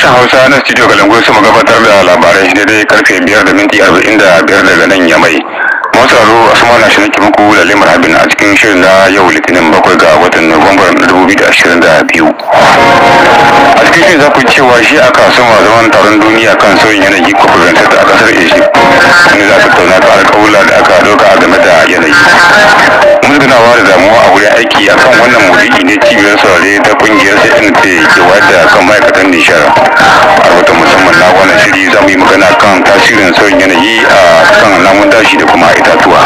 sashen hausa na studio galangoyi su gabatar da labarai daidai karfe biyar da minti arba'in da biyar daga nan yamai. masu a asuma na shirin ki muku lalle marhabin a cikin shirin na yau litinin bakwai ga watan nuwambar na dubu biyu a cikin shirin za ku cewa shi aka soma zaman taron duniya kan sauyin yanayi ko kusantar a kasar egypt wani za su tauna ta alƙawula da aka doka a game da yanayi musgunawa da damuwa a wurin aiki a kan wannan maudu'i ne cibiyar saurare ta kungiyar cnp ke wadda kan ma'aikatan nishara a rahoton musamman na wannan shiri za mu yi magana kan tasirin sauyin yanayi a sannan mun tashi da kuma itatuwa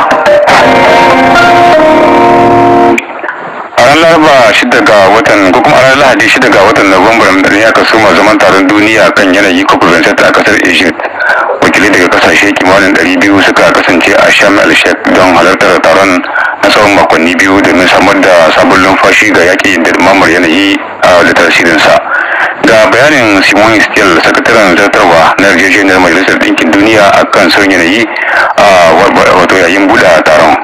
a ran laraba 6 ga watan ko kuma a ran lahadi shida ga watan nuwambar ne soma zaman taron duniya kan yanayi ko a kasar egypt wakilai daga kasashe kimanin ɗari biyu suka kasance a sham el sheikh don halartar taron na tsawon makonni biyu domin samar da sabon numfashi ga yaƙi da mamar yanayi a da tasirinsa ga bayanin simon steel sakataren zartarwa na yarjejeniyar majalisar Dinkin duniya akan sauyin yanayi a wato yayin buɗe taron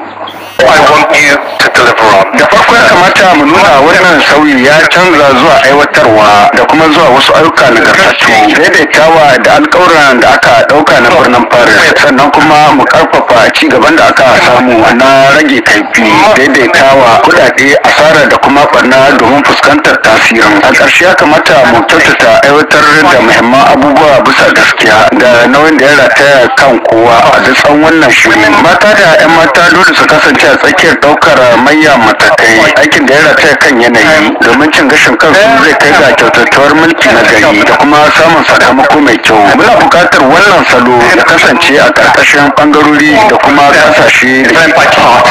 kamata mu nuna wannan sauyi ya canza zuwa aiwatarwa da kuma zuwa wasu ayyuka gargajiya daidaitawa da alkawuran da aka dauka na birnin paris sannan kuma mu karfafa ci gaban da aka samu na rage kaifi daidaitawa kudade asara da kuma barna domin fuskantar tasirin a ƙarshe ya kamata mu kyautata aiwatar da muhimman abubuwa bisa gaskiya da nauyin da ya rataya kan kowa a duk tsawon wannan shirin mata da 'yan mata dole su kasance a tsakiyar daukar manyan matakai aikin da ya ya kan yanayi eh. domin cin gashin kansu zai kai ga eh. kyautattuwar mulki na gari eh. da kuma samun sakamako mai kyau muna bukatar wannan salo ya kasance a ƙarƙashin ɓangarori da kuma ƙasashe kasar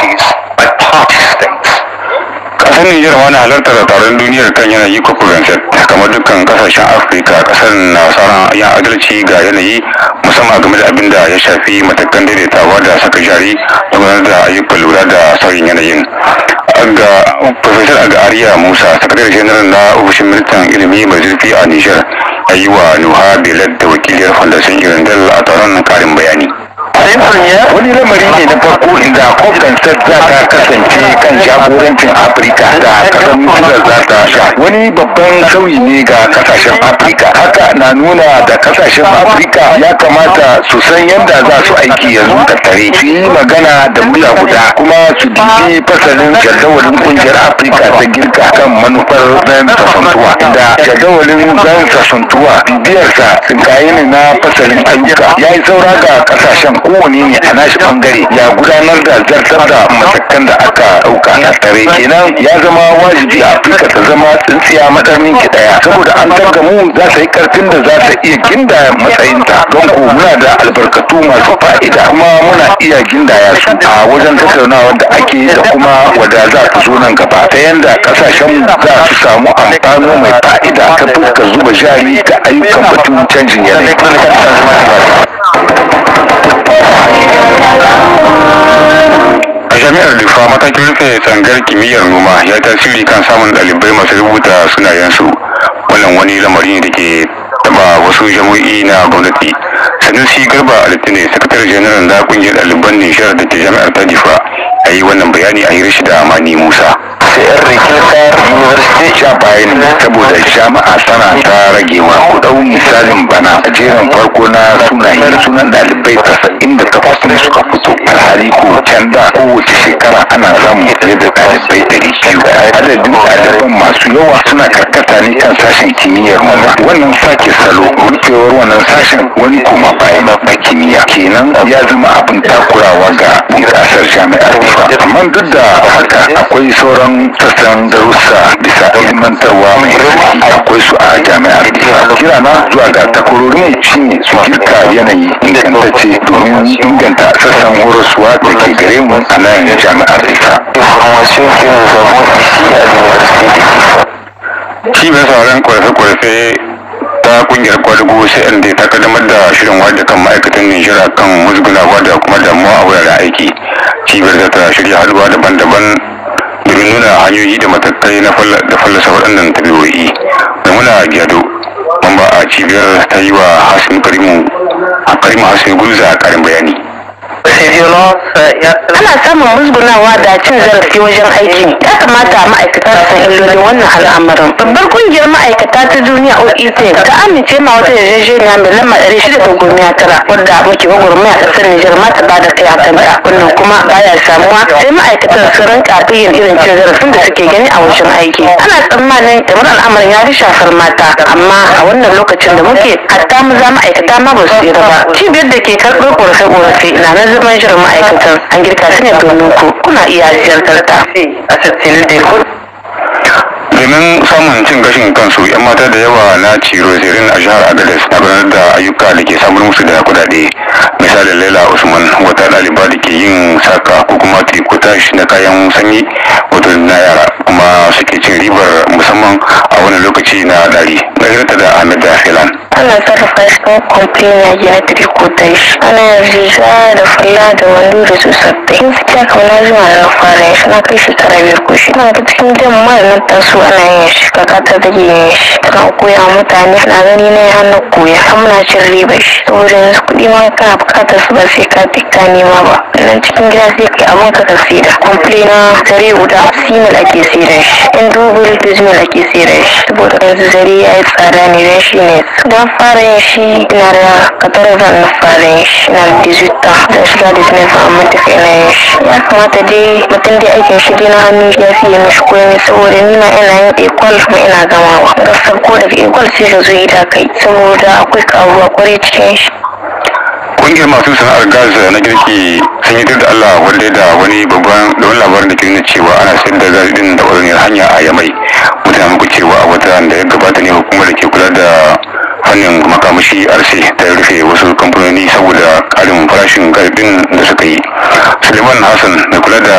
Nijar na halartar da taron duniyar kan yanayi ko 27 kamar dukkan kasashen Afirka kasar na tsara yan adalci ga yanayi musamman game da abin da ya shafi matakan daidaitawa da saka jari da gudanar da ayyukan lura da sauyin yanayin ga Ariya Musa, sakatare janar na ofishin ministan ilimi mai zurfi a Nijar, a yi wa Nuha Bilal da wakiliyar Fondation Irandel a taron karin bayani. wani lamari ne na farko inda kofin sadda ta kasance kan jagorancin afirka da kasan misra za ta sha wani babban sauyi ne ga kasashen afirka haka na nuna da kasashen afirka ya kamata su san yadda za su aiki yanzu tattare su yi magana da mula guda kuma su dubi fasalin jadawalin kungiyar afirka ta girka kan manufar zan sasantuwa inda jadawalin zan sasantuwa bibiyarsa sun kayi na fasalin ayyuka ya yi saura ga kasashen kowa. kowane ne a nashi bangare ya gudanar da zartar da matakan da aka ɗauka a tare kenan ya zama wajibi a afirka ta zama tsintsiya madarmin ki daya saboda an mu za ta yi karfin da za ta iya ginda matsayinta don ko muna da albarkatu masu fa'ida kuma muna iya gindaya su a wajen tattaunawar da ake da kuma wada za ta zo nan gaba ta yanda kasashen za su samu amfano mai fa'ida ta fuskar zuba jari ta ayyukan batun canjin yanayi a jami'ar dufa matakin rufe tsangar kimiyyar noma ya tasiri kan samun ɗalibai masu rubuta sunayensu wannan wani lamari da ke taba wasu jami'i na gwamnati sanusi garba alitini sakatare janar da kungiyar ɗaliban nishiyar da ke jami'ar ta difa a yi wannan bayani a hirshi da amani musa baya ne saboda jama'a tana ta ragewa ku dau misalin bana a jerin farko na sunaye sunan dalibai tasa'in da takwas ne suka fito alhali ko can da kowace shekara ana samun fiye da dalibai ɗari biyu adadin ɗaliban masu yawa suna karkata ne kan sashen kimiyyar noma wannan sake salo rufewar wannan sashen wani kuma bayan na kimiyya kenan ya zama abin takurawa ga kasar jami'ar amma duk da haka akwai sauran sassan darussa bisa mantarwa mai akwai su a jami'ar kira na zuwa ga takwarori shine su girka yanayi ce domin inganta sassan horosuwa da ke gare mu a nan jami'ar ita cibiyar sauran kwarfe-kwarfe ta kungiyar kwadugo cnd ta kaddamar da shirin wadda kan ma'aikatan nigeria kan musgunawa da kuma damuwa a wuraren aiki cibiyar ta shirya haduwa daban-daban domin nuna hanyoyi da matakai na fallasa waɗannan da muna gyado mamba a cibiyar ta yi wa hasin karimu a karimu hasin gulza a karin bayani ana samun musgunawa da cin zarafi wajen aiki ya kamata ma'aikata su san illolin wannan al'amarin babbar kungiyar ma'aikata ta duniya oet ta amince ma wata yarjejeniya mai lamba ɗari shida da goma tara wadda muke gwagwarmaya a ƙasar nijar ma ta bada kai akan ta wannan kuma baya samuwa sai ma'aikatar su rinka biyan irin cin zarafin da suke gani a wajen aiki ana tsammanin kamar al'amarin ya fi shafar mata amma a wannan lokacin da muke hatta za ma'aikata ma ba su ba cibiyar da ke karɓar ƙorafe-ƙorafe na nan yanzu shirin ma'aikatan an girka su ne domin ku kuna iya ziyartar ta. domin samun cin gashin kansu yan mata da yawa na ciro zirin a jihar agadez na gudanar da ayyuka da ke samun musu da kudade misalin laila usman wata ɗaliba da ke yin saka ko kuma trikotash na kayan sanyi wato na yara kuma suke cin ribar musamman a wani lokaci na dari gajirta da kawo kwamfin ya ji hatiri ko ana riga da falla da wando da su sabbai yin fita kamar zuwa na fara ya sana kai shekara biyar ko shi na ta cikin jan mai na taso ana yin shi kaka ta take yin shi tana koya mutane na gani na ya hana koya har muna cin riba shi saboda yanzu kuɗi ma kana buƙatar su ba sai ka tikka nema ba nan cikin gida sai kai abin ka ka saida kwamfin zare guda simil ake saida shi in dubu bismil ake saida shi saboda yanzu zare ya yi tsada ne don shi ne don fara yin shi naar 14 da na Ya kamata aikin shi hannu ya fiye mishi koyi saboda ni ina yin equal ina ko daga sai zo kai saboda akwai karuwa cikin shi. Ƙungiyar masu sana'ar gas na girki sun yi da Allah wanda da wani babban wani labarin da kirna cewa ana sayar da gas din da wani hanya a yamai. Mutane ku cewa a wata da ya gabata ne hukumar da ke kula da fannin makamashi arsi ta rufe wasu kamfanoni saboda karin farashin garbin da suka yi suleiman hassan da kula da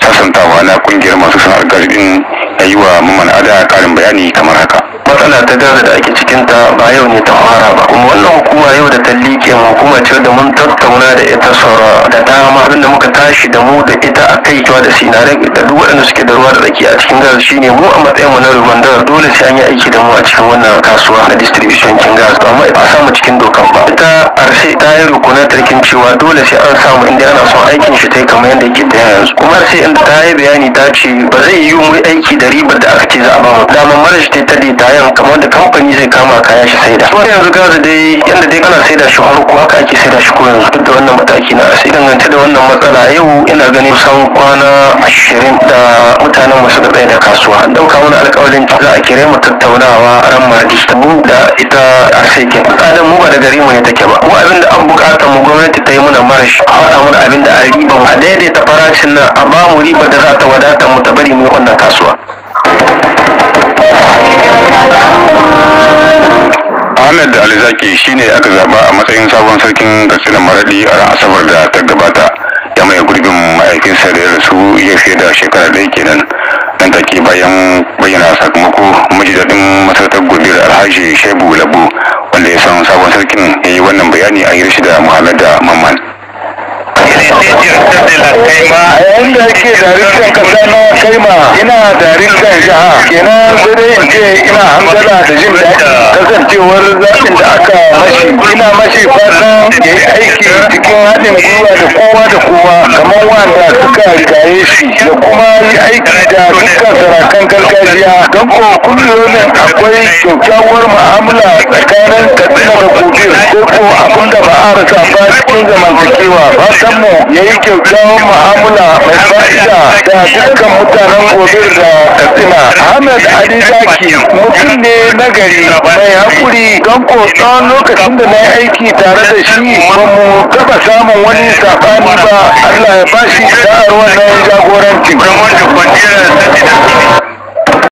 sasantawa na kungiyar masu sana'ar garbin ya yi wa mamman ada karin bayani kamar haka matsala ta gaza da ake cikinta ta ba yau ne ta fara ba kuma wannan hukuma yau da ta liƙe mu kuma ce da mun tattauna da ita saura da dama abinda muka tashi da mu da ita a kai cewa da sinare da duk waɗanda suke da ruwa da tsaki a cikin gas shine mu a matsayin mu na rubandar dole sai an yi aiki da mu a cikin wannan kasuwa na distribution kin gas amma ba samu cikin dokan ba ita arse ta yi rukunan tarkin cewa dole sai an samu inda ana son aikin shi ta yi kamar yadda yake ta yanzu kuma sai inda ta yi bayani ta ce ba zai yi mu aiki da ribar da aka ce za a ba mu dama marashi ta kayan kamar da kamfani zai kama kaya shi saida kuma yanzu gaza dai yanda dai kana saida shi har kuma k'a ake saida shi ko yanzu duk da wannan mataki na sai dangance da wannan matsala yau ina ganin kusan kwana ashirin da mutanen masu da da kasuwa an dauka mana alƙawarin za a kire mu tattaunawa ran mardi mu da ita a saikin tsadan mu ba da gari mu ne take ba mu abin da an bukata mu gwamnati ta yi muna shi a faɗa mana abin da a riba mu a daidaita farashin nan a ba mu riba da za ta wadata mu ta bari mu yi wannan kasuwa. Ahmed da Alizaki shine aka zaba a matsayin sabon sarkin Katsina Maradi a ran Asabar da ta gabata ya mai gurbin mahaifinsa da ya rasu ya fiye da shekara ɗaya kenan nan take bayan bayyana sakamako majidadin masarautar gobe alhaji shebu labu wanda ya san sabon sarkin ya yi wannan bayani a hirshi da muhammad mamman a kai da wanda eh, kasa na kaima ma ina daraktan jiha kenan sai in ce ina hamdala da jin daɗi kasancewar zaɓin da aka mashi ina mashi fatan ya yi aiki cikin haɗin gwiwa da kowa da kowa kamar wanda suka rigaye shi da kuma yi aiki da dukkan sarakan gargajiya don ko kullum akwai kyakkyawar mu'amala tsakanin katsina da gobe ko ko abin da ba a rasa ba cikin zamantakewa fatan mu ya yi kyauta kawo mu'amala mai fa'ida da dukkan mutanen gobe da katsina ahmed ali zaki mutum ne nagari mai hakuri don ko tsawon lokacin da na aiki tare da shi ba mu taba samun wani sabani ba allah ya bashi da'ar wannan jagorancin